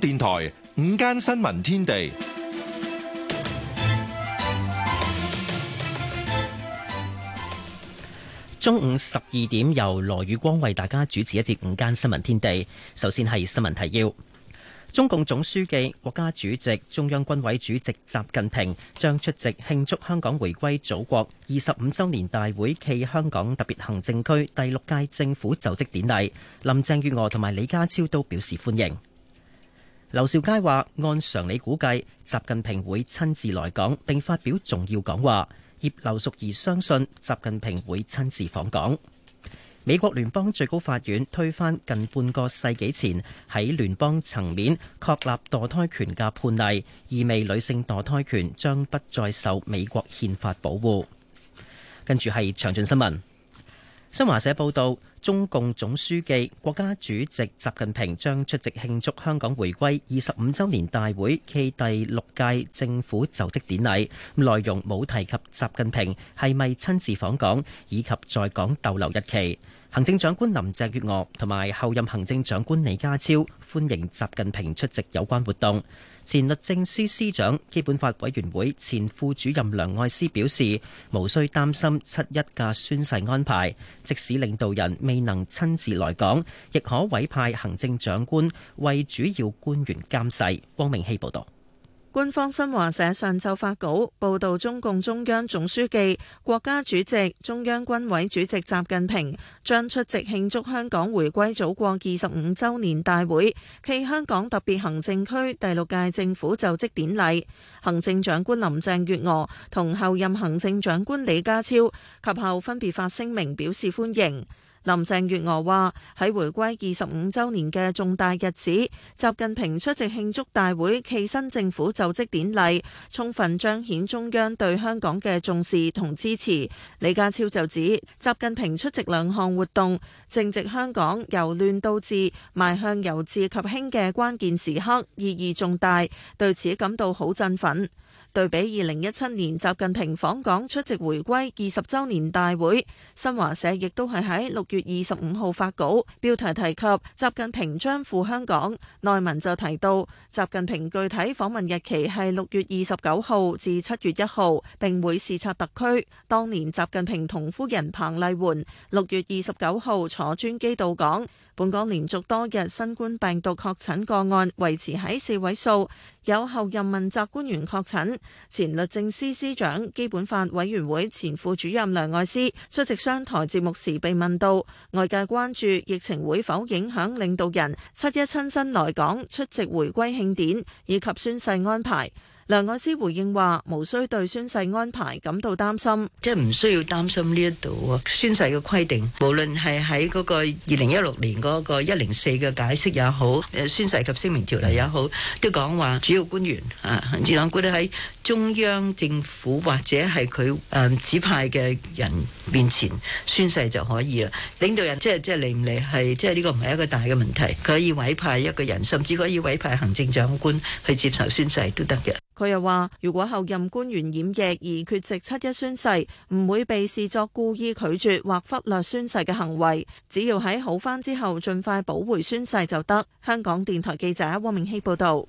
電台午間新聞天地，中午十二點由羅宇光為大家主持一節午間新聞天地。首先係新聞提要：中共總書記、國家主席、中央軍委主席習近平將出席慶祝香港回歸祖國二十五周年大會暨香港特別行政區第六屆政府就職典禮。林鄭月娥同埋李家超都表示歡迎。劉兆佳話：按常理估計，習近平會親自來港，並發表重要講話。葉劉淑儀相信，習近平會親自訪港。美國聯邦最高法院推翻近半個世紀前喺聯邦層面確立墮胎權嘅判例，意味女性墮胎權將不再受美國憲法保護。跟住係詳盡新聞。新華社報道。中共總書記、國家主席習近平將出席慶祝香港回歸二十五週年大會暨第六屆政府就職典禮。咁內容冇提及習近平係咪親自訪港以及在港逗留日期。行政長官林鄭月娥同埋候任行政長官李家超歡迎習近平出席有關活動。前律政司司長、基本法委員會前副主任梁愛詩表示，無需擔心七一嘅宣誓安排，即使領導人未能親自來港，亦可委派行政長官為主要官員監誓。汪明希報道。官方新華社上晝發稿報道，中共中央總書記、國家主席、中央軍委主席習近平將出席慶祝香港回歸祖國二十五周年大會暨香港特別行政區第六屆政府就職典禮。行政長官林鄭月娥同候任行政長官李家超及後分別發聲明表示歡迎。林鄭月娥話：喺回歸二十五週年嘅重大日子，習近平出席慶祝大會暨新政府就職典禮，充分彰顯中央對香港嘅重視同支持。李家超就指，習近平出席兩項活動，正值香港由亂到治、邁向由治及興嘅關鍵時刻，意義重大，對此感到好振奮。對比二零一七年習近平訪港出席回歸二十週年大會，新華社亦都係喺六月二十五號發稿，標題提及習近平將赴香港。內文就提到，習近平具體訪問的日期係六月二十九號至七月一號，並會視察特區。當年習近平同夫人彭麗媛六月二十九號坐專機到港。本港連續多日新冠病毒確診個案維持喺四位數，有後任問責官員確診。前律政司司長、基本法委員會前副主任梁愛詩出席商台節目時被問到，外界關注疫情會否影響領導人七一親身來港出席回歸慶典以及宣誓安排。梁愛詩回應話：無需對宣誓安排感到擔心，即係唔需要擔心呢一度啊宣誓嘅規定，無論係喺嗰個二零一六年嗰個一零四嘅解釋也好，誒，宣誓及聲明條例也好，都講話主要官員啊，行政長官喺中央政府或者係佢誒指派嘅人面前宣誓就可以啦。領導人即係即係嚟唔嚟係即係呢個唔係一個大嘅問題，佢可以委派一個人，甚至可以委派行政長官去接受宣誓都得嘅。佢又話：如果後任官員染疫而缺席七一宣誓，唔會被視作故意拒絕或忽略宣誓嘅行為，只要喺好返之後，盡快補回宣誓就得。香港電台記者汪明熙報導。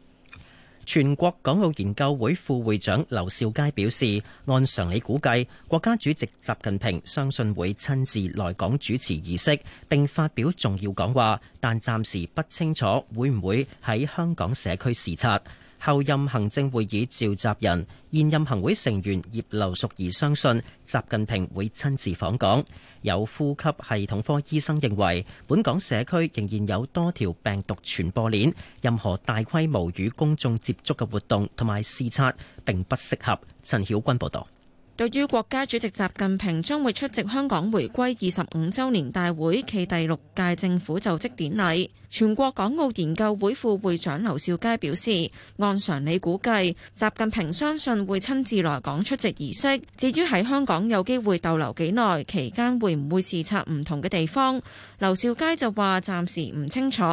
全國港澳研究會副會長劉兆佳表示，按常理估計，國家主席習近平相信會親自來港主持儀式並發表重要講話，但暫時不清楚會唔會喺香港社區視察。候任行政會議召集人、現任行會成員葉劉淑儀相信，習近平會親自訪港。有呼吸系統科醫生認為，本港社區仍然有多條病毒傳播鏈，任何大規模與公眾接觸嘅活動同埋視察，並不適合。陳曉君報道。對於國家主席習近平將會出席香港回歸二十五週年大會暨第六屆政府就職典禮，全國港澳研究會副會長劉兆佳表示：按常理估計，習近平相信會親自來港出席儀式。至於喺香港有機會逗留幾耐，期間會唔會視察唔同嘅地方，劉兆佳就話暫時唔清楚，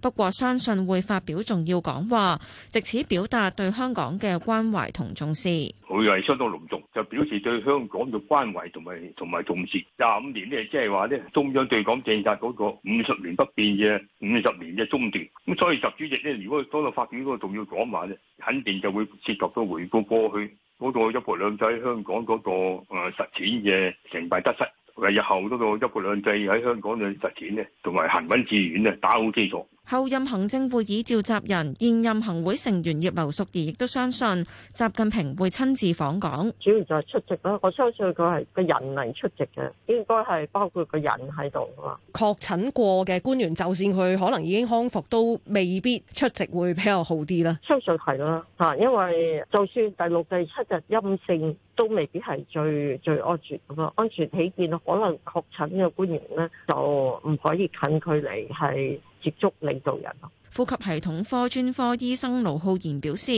不過相信會發表重要講話，藉此表達對香港嘅關懷同重視。會係相當隆重，就表示對香港嘅關懷同埋同埋重視。廿五年呢，即係話呢，中央對港政策嗰個五十年不變嘅五十年嘅中段。咁所以習主席呢，如果當日發表嗰、嗰個重要講話呢，肯定就會涉及到回顧過去嗰個一國兩制喺香港嗰個誒實踐嘅成敗得失，日後嗰個一國兩制喺香港嘅實踐呢，同埋行穩致遠呢，打好基礎。候任行政會議召集人、現任行會成員葉劉淑儀亦都相信習近平會親自訪港，主要就係出席啦。我相信佢係個人嚟出席嘅，應該係包括個人喺度噶。確診過嘅官員，就算佢可能已經康復，都未必出席會比較好啲啦。相信係啦，吓，因為就算第六、第七日陰性。都未必係最最安全，咁安全起見，可能確診嘅官員咧，就唔可以近距離係接觸領導人咯。呼吸系統科專科醫生盧浩然表示，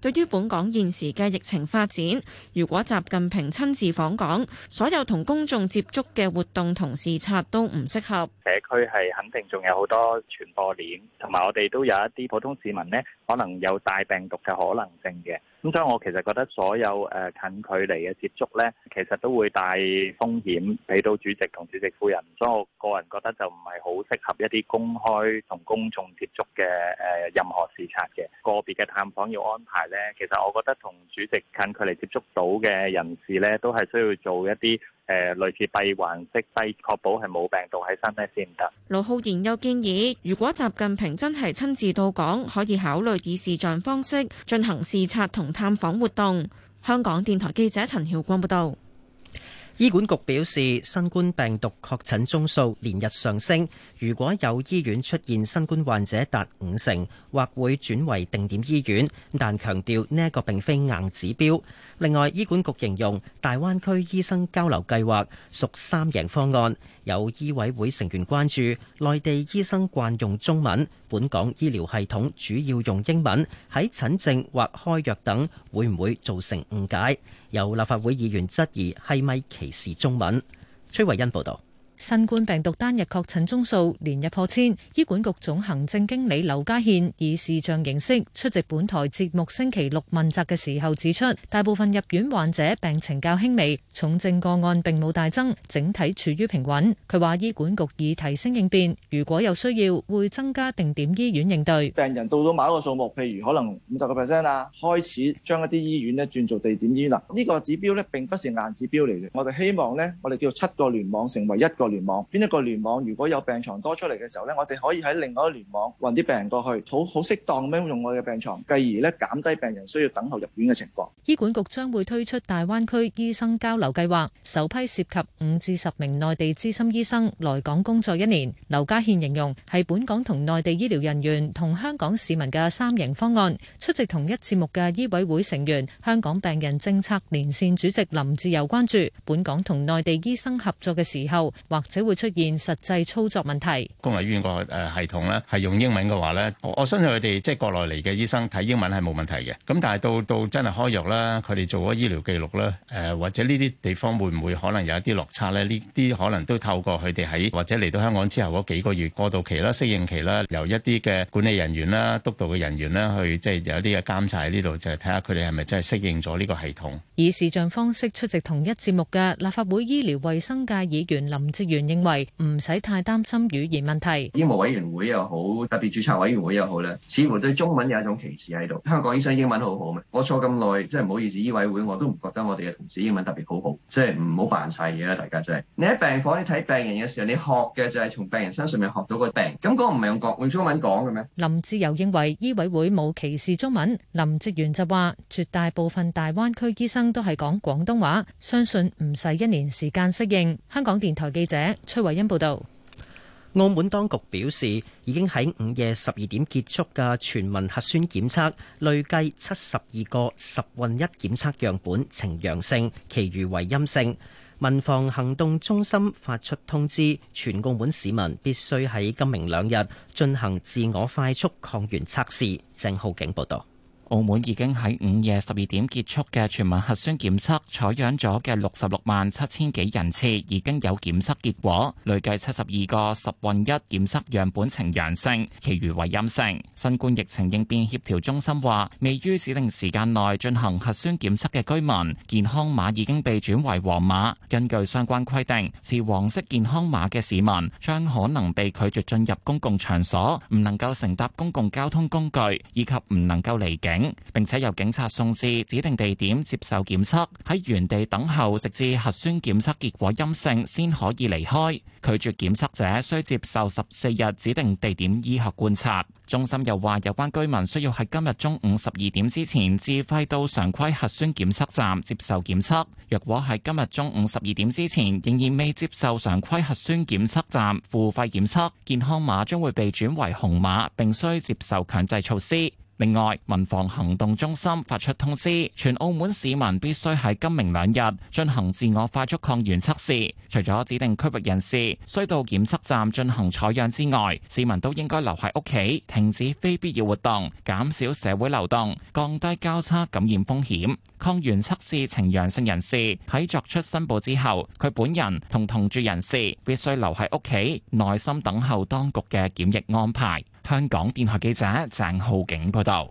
對於本港現時嘅疫情發展，如果習近平親自訪港，所有同公眾接觸嘅活動同視察都唔適合。社區係肯定仲有好多傳播鏈同埋我哋都有一啲普通市民咧，可能有帶病毒嘅可能性嘅。咁所以我其實覺得所有誒近距離嘅接觸咧，其實都會帶風險俾到主席同主席夫人。所以我個人覺得就唔係好適合一啲公開同公眾接觸嘅。嘅任何視察嘅個別嘅探訪要安排呢？其實我覺得同主席近距離接觸到嘅人士呢，都係需要做一啲誒類似閉環式閉，確保係冇病毒喺身咧先得。盧浩然又建議，如果習近平真係親自到港，可以考慮以視像方式進行視察同探訪活動。香港電台記者陳曉光報道。醫管局表示，新冠病毒確診宗數連日上升。如果有醫院出現新冠患者達五成，或會轉為定點醫院，但強調呢一個並非硬指標。另外，醫管局形容大灣區醫生交流計劃屬三贏方案，有醫委會成員關注內地醫生慣用中文。本港醫療系統主要用英文，喺診症或開藥等，會唔會造成誤解？有立法會議員質疑係咪歧視中文。崔惠恩報導。，新冠病毒單日確診宗數連日破千。醫管局總行政經理劉家憲以視像形式出席本台節目星期六問責嘅時候指出，大部分入院患者病情較輕微，重症個案並冇大增，整體處於平穩。佢話醫管局已提升應變，如果有需要會增加定點醫院應對。病人到咗某一個數目，譬如可能五十個 percent 聯網邊一個聯網，如果有病床多出嚟嘅時候咧，我哋可以喺另外一聯網運啲病人過去，好好適當咁樣用我嘅病床，繼而咧減低病人需要等候入院嘅情況。醫管局將會推出大灣區醫生交流計劃，首批涉及五至十名內地資深醫生來港工作一年。劉家獻形容係本港同內地醫療人員同香港市民嘅三贏方案。出席同一節目嘅醫委會成員、香港病人政策連線主席林志釉關注本港同內地醫生合作嘅時候或。只會出現實際操作問題。公立醫院個誒系統咧，係用英文嘅話咧，我相信佢哋即係國內嚟嘅醫生睇英文係冇問題嘅。咁但係到到真係開藥啦，佢哋做咗醫療記錄啦，誒或者呢啲地方會唔會可能有一啲落差咧？呢啲可能都透過佢哋喺或者嚟到香港之後嗰幾個月過渡期啦、適應期啦，由一啲嘅管理人員啦、督導嘅人員啦去即係有一啲嘅監察喺呢度，就係睇下佢哋係咪真係適應咗呢個系統。以視像方式出席同一節目嘅立法會醫療衛生界議員林。議員認為唔使太擔心語言問題，醫務委員會又好，特別註冊委員會又好咧，似乎對中文有一種歧視喺度。香港醫生英文好好咩？我坐咁耐，真係唔好意思，醫委會我都唔覺得我哋嘅同事英文特別好好，即係唔好扮晒嘢啦，大家真係。你喺病房你睇病人嘅時候，你學嘅就係從病人身上面學到個病，咁、那、嗰個唔係用國、用中文講嘅咩？林志油認為醫委會冇歧視中文，林哲玄就話絕大部分大灣區醫生都係講廣東話，相信唔使一年時間適應。香港電台記者。者崔慧欣報道，澳門當局表示，已經喺午夜十二點結束嘅全民核酸檢測，累計七十二個十混一檢測樣本呈陽性，其餘為陰性。民防行動中心發出通知，全澳門市民必須喺今明兩日進行自我快速抗原測試。鄭浩景報道。澳門已經喺午夜十二點結束嘅全民核酸檢測採樣咗嘅六十六萬七千幾人次，已經有檢測結果，累計七十二個十混一檢測樣本呈陽性，其餘為陰性。新冠疫情應變協調中心話，未於指定時間內進行核酸檢測嘅居民，健康碼已經被轉為黃碼。根據相關規定，持黃色健康碼嘅市民將可能被拒絕進入公共場所，唔能夠乘搭公共交通工具，以及唔能夠離境。並且由警察送至指定地點接受檢測，喺原地等候直至核酸檢測結果陰性，先可以離開。拒絕檢測者需接受十四日指定地點醫學觀察。中心又話，有關居民需要喺今日中午十二點之前自費到常規核酸檢測站接受檢測。若果喺今日中午十二點之前仍然未接受常規核酸檢測站付費檢測，健康碼將會被轉為紅碼，並需接受強制措施。另外，民防行動中心發出通知，全澳門市民必須喺今明兩日進行自我快速抗原測試，除咗指定區域人士需到檢測站進行採樣之外，市民都應該留喺屋企，停止非必要活動，減少社會流動，降低交叉感染風險。抗原測試呈陽性人士喺作出申報之後，佢本人同同住人士必須留喺屋企，耐心等候當局嘅檢疫安排。香港電台記者鄭浩景報道：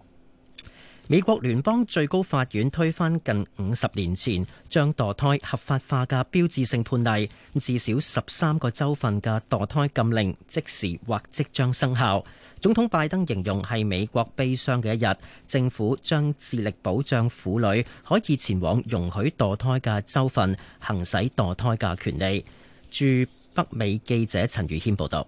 美國聯邦最高法院推翻近五十年前將墮胎合法化嘅標誌性判例，至少十三個州份嘅墮胎禁令即時或即將生效。總統拜登形容係美國悲傷嘅一日，政府將致力保障婦女可以前往容許墮胎嘅州份行使墮胎嘅權利。駐北美記者陳宇謙報道。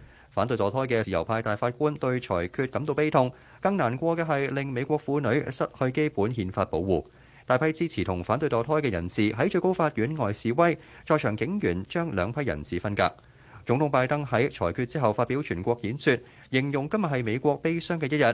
反對墮胎嘅自由派大法官對裁決感到悲痛，更難過嘅係令美國婦女失去基本憲法保護。大批支持同反對墮胎嘅人士喺最高法院外示威，在場警員將兩批人士分隔。總統拜登喺裁決之後發表全國演說，形容今日係美國悲傷嘅一日。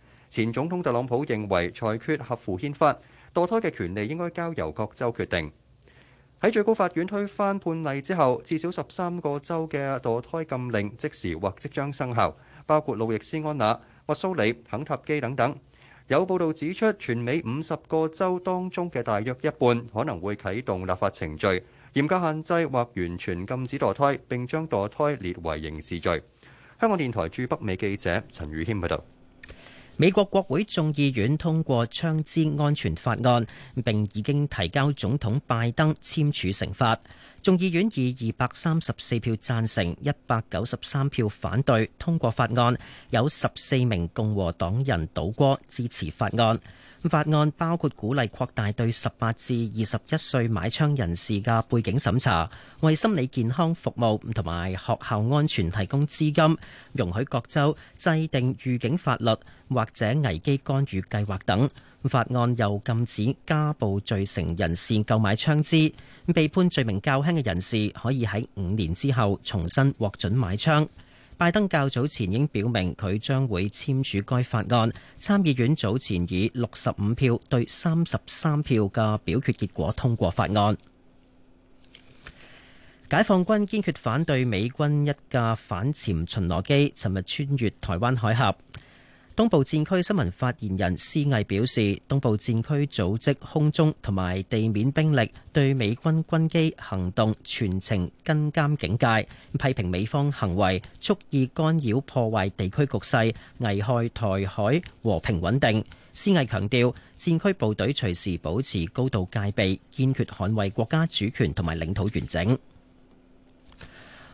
前總統特朗普認為裁決合乎憲法，墮胎嘅權利應該交由各州決定。喺最高法院推翻判例之後，至少十三個州嘅墮胎禁令即時或即將生效，包括路易斯安那、密蘇里、肯塔基等等。有報道指出，全美五十個州當中嘅大約一半可能會啟動立法程序，嚴格限制或完全禁止墮胎，並將墮胎列為刑事罪。香港電台駐北美記者陳宇軒喺度。美國國會眾議院通過槍支安全法案，並已經提交總統拜登簽署成法。眾議院以二百三十四票贊成、一百九十三票反對通過法案，有十四名共和黨人倒戈支持法案。法案包括鼓勵擴大對十八至二十一歲買槍人士嘅背景審查，為心理健康服務同埋學校安全提供資金，容許各州制定預警法律或者危機干預計劃等。法案又禁止家暴罪成人士購買槍支，被判罪名較輕嘅人士可以喺五年之後重新獲准買槍。拜登較早前已經表明佢將會簽署該法案。參議院早前以六十五票對三十三票嘅表決結果通過法案。解放軍堅決反對美軍一架反潛巡邏機尋日穿越台灣海峽。東部戰區新聞發言人施毅表示，東部戰區組織空中同埋地面兵力對美軍軍機行動全程跟監警戒，批評美方行為蓄意干擾破壞地區局勢，危害台海和平穩定。施毅強調，戰區部隊隨時保持高度戒備，堅決捍衛國家主權同埋領土完整。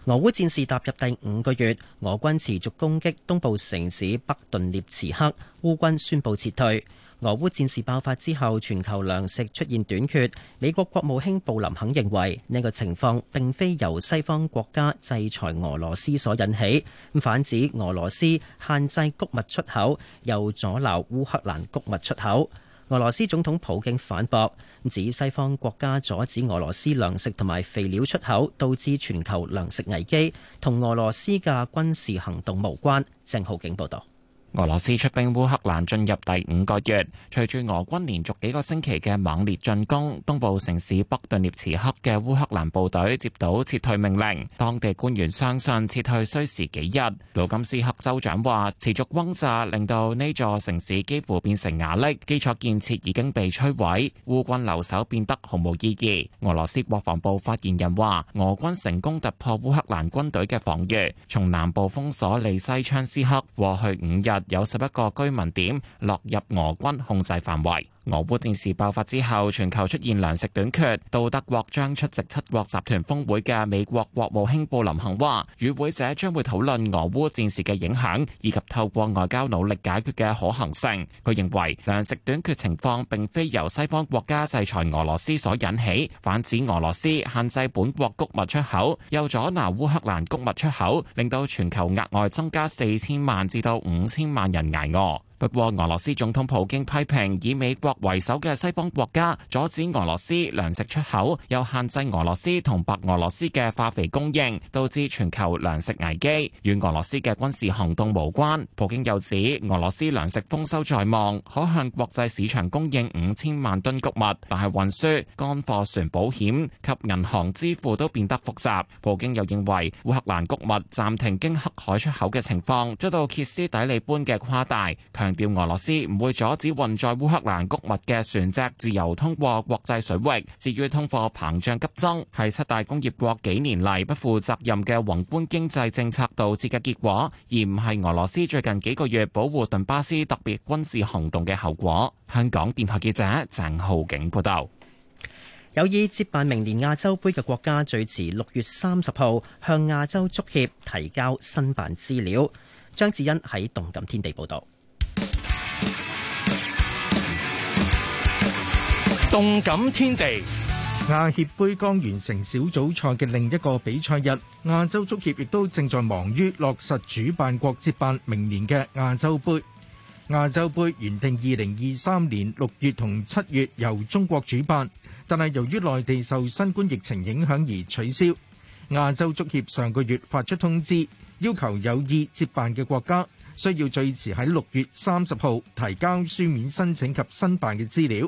俄烏戰事踏入第五個月，俄軍持續攻擊東部城市北頓涅茨克，烏軍宣布撤退。俄烏戰事爆發之後，全球糧食出現短缺。美國國務卿布林肯認為呢個情況並非由西方國家制裁俄羅斯所引起，咁反指俄羅斯限制谷物出口，又阻撓烏克蘭谷物出口。俄羅斯總統普京反駁，指西方國家阻止俄羅斯糧食同埋肥料出口，導致全球糧食危機，同俄羅斯嘅軍事行動無關。鄭浩景報導。俄羅斯出兵烏克蘭進入第五個月，隨住俄軍連續幾個星期嘅猛烈進攻，東部城市北頓涅茨克嘅烏克蘭部隊接到撤退命令。當地官員相信撤退需時幾日。盧甘斯克州長話：持續轟炸令到呢座城市幾乎變成瓦礫，基礎建設已經被摧毀，烏軍留守變得毫無意義。俄羅斯國防部發言人話：俄軍成功突破烏克蘭軍隊嘅防御，從南部封鎖利西昌斯克過去五日。有十一個居民點落入俄軍控制範圍。俄烏戰事爆發之後，全球出現糧食短缺。到德國將出席七國集團峰會嘅美國國務卿布林肯話，與會者將會討論俄烏戰事嘅影響，以及透過外交努力解決嘅可行性。佢認為糧食短缺情況並非由西方國家制裁俄羅斯所引起，反指俄羅斯限制本國谷物出口，又阻撓烏克蘭谷物出口，令到全球額外增加四千萬至到五千萬人捱餓。不過，俄羅斯總統普京批評以美國為首嘅西方國家阻止俄羅斯糧食出口，又限制俄羅斯同白俄羅斯嘅化肥供應，導致全球糧食危機，與俄羅斯嘅軍事行動無關。普京又指，俄羅斯糧食豐收在望，可向國際市場供應五千萬噸谷物但運輸，但係運輸、乾貨船保險及銀行支付都變得複雜。普京又認為，烏克蘭谷物暫停經黑海出口嘅情況遭到歇斯底里般嘅誇大，強調俄羅斯唔會阻止運載烏克蘭谷物嘅船隻自由通過國際水域。至於通貨膨脹急增，係七大工業國幾年嚟不負責任嘅宏觀經濟政策導致嘅結果，而唔係俄羅斯最近幾個月保護頓巴斯特別軍事行動嘅後果。香港電台記者鄭浩景報道。有意接辦明年亞洲杯嘅國家，最遲六月三十號向亞洲足協提交申辦資料。張智恩喺動感天地報道。動感天地，亞協盃剛完成小組賽嘅另一個比賽日，亞洲足協亦都正在忙於落實主辦國接辦明年嘅亞洲盃。亞洲盃原定二零二三年六月同七月由中國主辦，但係由於內地受新冠疫情影響而取消。亞洲足協上個月發出通知，要求有意接辦嘅國家需要最遲喺六月三十號提交書面申請及申辦嘅資料。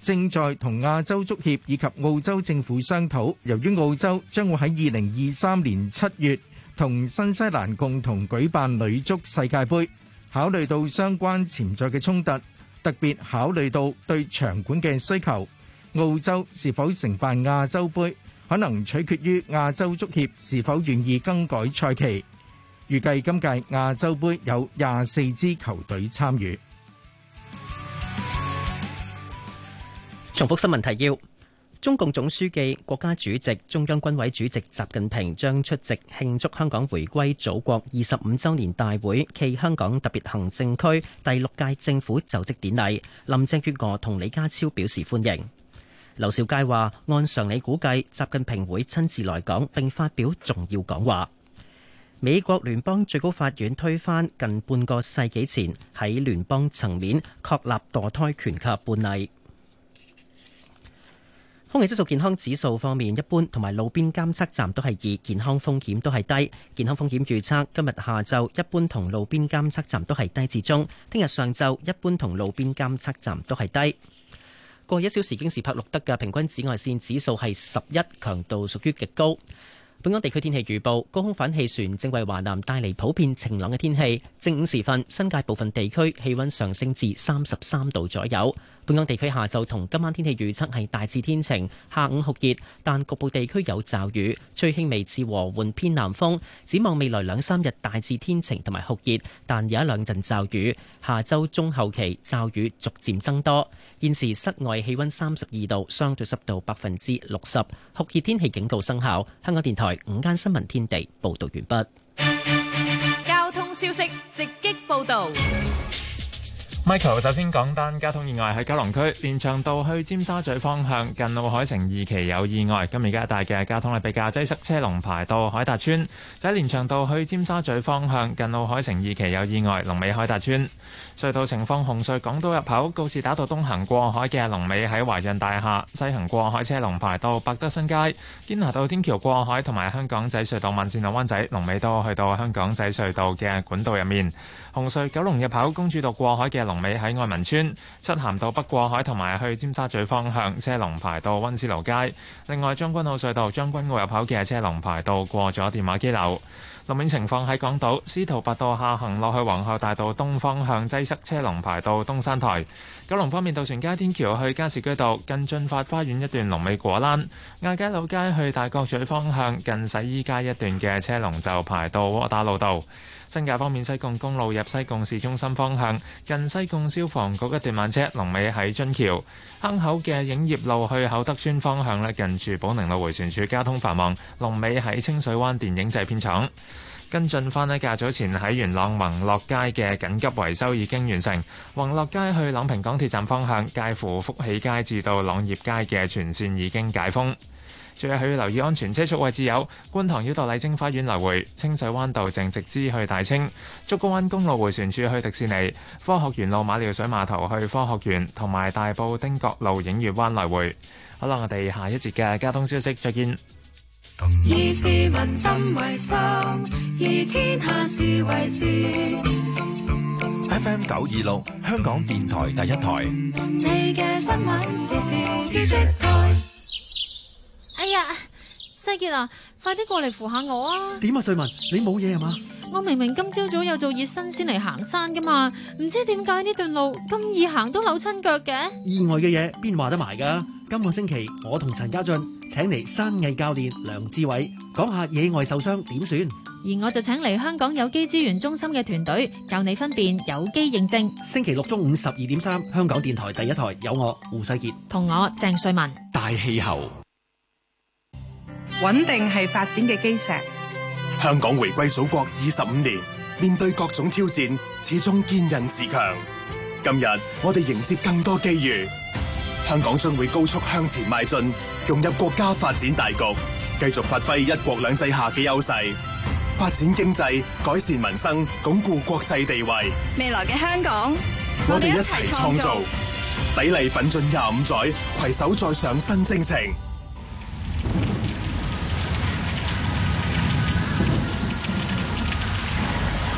正在同亞洲足協以及澳洲政府商討，由於澳洲將會喺2023年七月同新西蘭共同舉辦女足世界盃，考慮到相關潛在嘅衝突，特別考慮到對場館嘅需求，澳洲是否承辦亞洲盃，可能取決於亞洲足協是否願意更改賽期。預計今屆亞洲盃有廿四支球隊參與。重複新聞提要：中共總書記、國家主席、中央軍委主席習近平將出席慶祝香港回歸祖國二十五周年大會暨香港特別行政區第六屆政府就職典禮。林鄭月娥同李家超表示歡迎。劉兆佳話：按常理估計，習近平會親自來港並發表重要講話。美國聯邦最高法院推翻近半個世紀前喺聯邦層面確立墮胎權嘅判例。空氣質素健康指數方面，一般同埋路邊監測站都係二，健康風險都係低。健康風險預測今日下晝一般同路邊監測站都係低至中，聽日上晝一般同路邊監測站都係低。過去一小時京士柏錄得嘅平均紫外線指數係十一，強度屬於極高。本港地區天氣預報，高空反氣旋正為華南帶嚟普遍晴朗嘅天氣。正午時分，新界部分地區氣温上升至三十三度左右。本港地區下晝同今晚天氣預測係大致天晴，下午酷熱，但局部地區有驟雨，吹輕微至和緩偏南風。展望未來兩三日大致天晴同埋酷熱，但有一兩陣驟雨，下周中後期驟雨逐漸增多。現時室外氣温三十二度，相對濕度百分之六十，酷熱天氣警告生效。香港電台午間新聞天地報導完畢。交通消息直擊報導。Michael 首先講單交通意外喺九龍區連翔道去尖沙咀方向近奧海城二期有意外，咁而家一帶嘅交通咧比較擠塞，車龍排到海達邨。就喺連翔道去尖沙咀方向近奧海城二期有意外，龍尾海達邨。隧道情況：紅隧港島入口告士打道東行過海嘅龍尾喺華潤大廈，西行過海車龍排到百德新街，堅拿道天橋過海同埋香港仔隧道慢綫落灣仔，龍尾都去到香港仔隧道嘅管道入面。紅隧九龍入口公主道過海嘅龍尾喺愛民村，漆咸道北過海同埋去尖沙咀方向車龍排到溫思勞街。另外將軍澳隧道將軍澳入口嘅車龍排到過咗電話機樓。路面情況喺港島，司徒拔道下行落去皇后大道東方向擠塞，西西車龍排到東山台。九龍方面，渡船街天橋去加士居道近駿發花園一段龍果，龍尾果欄；亞皆老街去大角咀方向近洗衣街一段嘅車龍就排到窩打老道。新界方面，西貢公路入西貢市中心方向近西貢消防局一段慢車，龍尾喺津橋坑口嘅影業路去厚德邨方向咧，近住寶寧路回旋處交通繁忙，龍尾喺清水灣電影製片廠。跟進返呢，較早前喺元朗宏樂街嘅緊急維修已經完成。宏樂街去朗屏港鐵站方向，介乎福喜街至到朗業街嘅全線已經解封。最後，去留意安全車速位置有：觀塘繞道麗晶花園來回、清水灣道正直支去大清、竹篙灣公路迴旋處去迪士尼、科學園路馬料水碼頭去科學園，同埋大埔丁角路映月灣來回。好啦，我哋下一節嘅交通消息，再見。以市民心為心，以天下事為事，F M 九二六，香港電台第一台，你嘅新聞時事資訊台。哎呀，世傑啊，快啲過嚟扶下我啊！點啊，瑞文，你冇嘢啊嘛？我明明今朝早，早有做熱身先嚟行山噶嘛，唔知點解呢段路咁易行都扭親腳嘅。意外嘅嘢邊話得埋噶？今個星期我同陳家俊請嚟山藝教練梁志偉講下野外受傷點算，而我就請嚟香港有機資源中心嘅團隊教你分辨有機認證。星期六中午十二點三，香港電台第一台有我胡世杰同我鄭瑞文大氣候，穩定係發展嘅基石。香港回歸祖國二十五年，面對各種挑戰，始終堅韌自強。今日我哋迎接更多機遇，香港將會高速向前邁進，融入國家發展大局，繼續發揮一國兩制下嘅優勢，發展經濟，改善民生，鞏固國際地位。未來嘅香港，我哋一齊創造，砥礪奮進廿五載，攜手再上新徵程。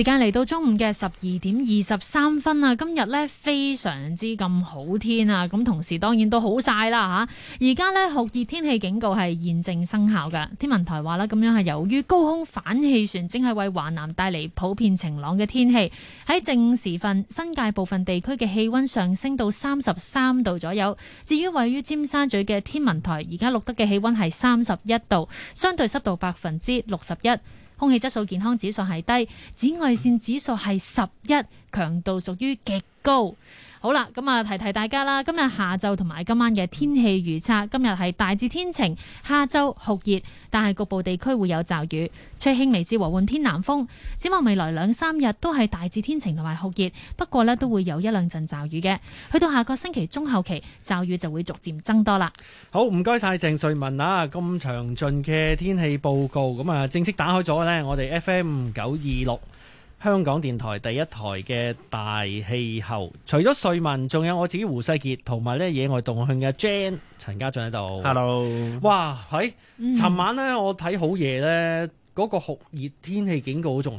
時間嚟到中午嘅十二點二十三分啊！今日呢非常之咁好天啊！咁同時當然都好曬啦吓。而家呢酷熱天氣警告係現正生效嘅。天文台話啦，咁樣係由於高空反氣旋正係為華南帶嚟普遍晴朗嘅天氣。喺正午時分，新界部分地區嘅氣溫上升到三十三度左右。至於位於尖沙咀嘅天文台，而家錄得嘅氣溫係三十一度，相對濕度百分之六十一。空氣質素健康指數係低，紫外綫指數係十一，強度屬於極高好啦，咁啊提提大家啦。今日下晝同埋今晚嘅天氣預測，今日係大致天晴，下晝酷熱，但係局部地區會有驟雨，吹輕微至和緩偏南風。展望未來兩三日都係大致天晴同埋酷熱，不過呢都會有一兩陣驟雨嘅。去到下個星期中後期，驟雨就會逐漸增多啦。好，唔該晒鄭瑞文啊，咁詳盡嘅天氣報告，咁啊正式打開咗呢，我哋 FM 九二六。香港電台第一台嘅大氣候，除咗瑞文，仲有我自己胡世杰，同埋咧野外動向嘅 Jan 陳家俊喺度。Hello，哇係，尋、哎嗯、晚咧我睇好夜咧，嗰個酷熱天氣警告好重。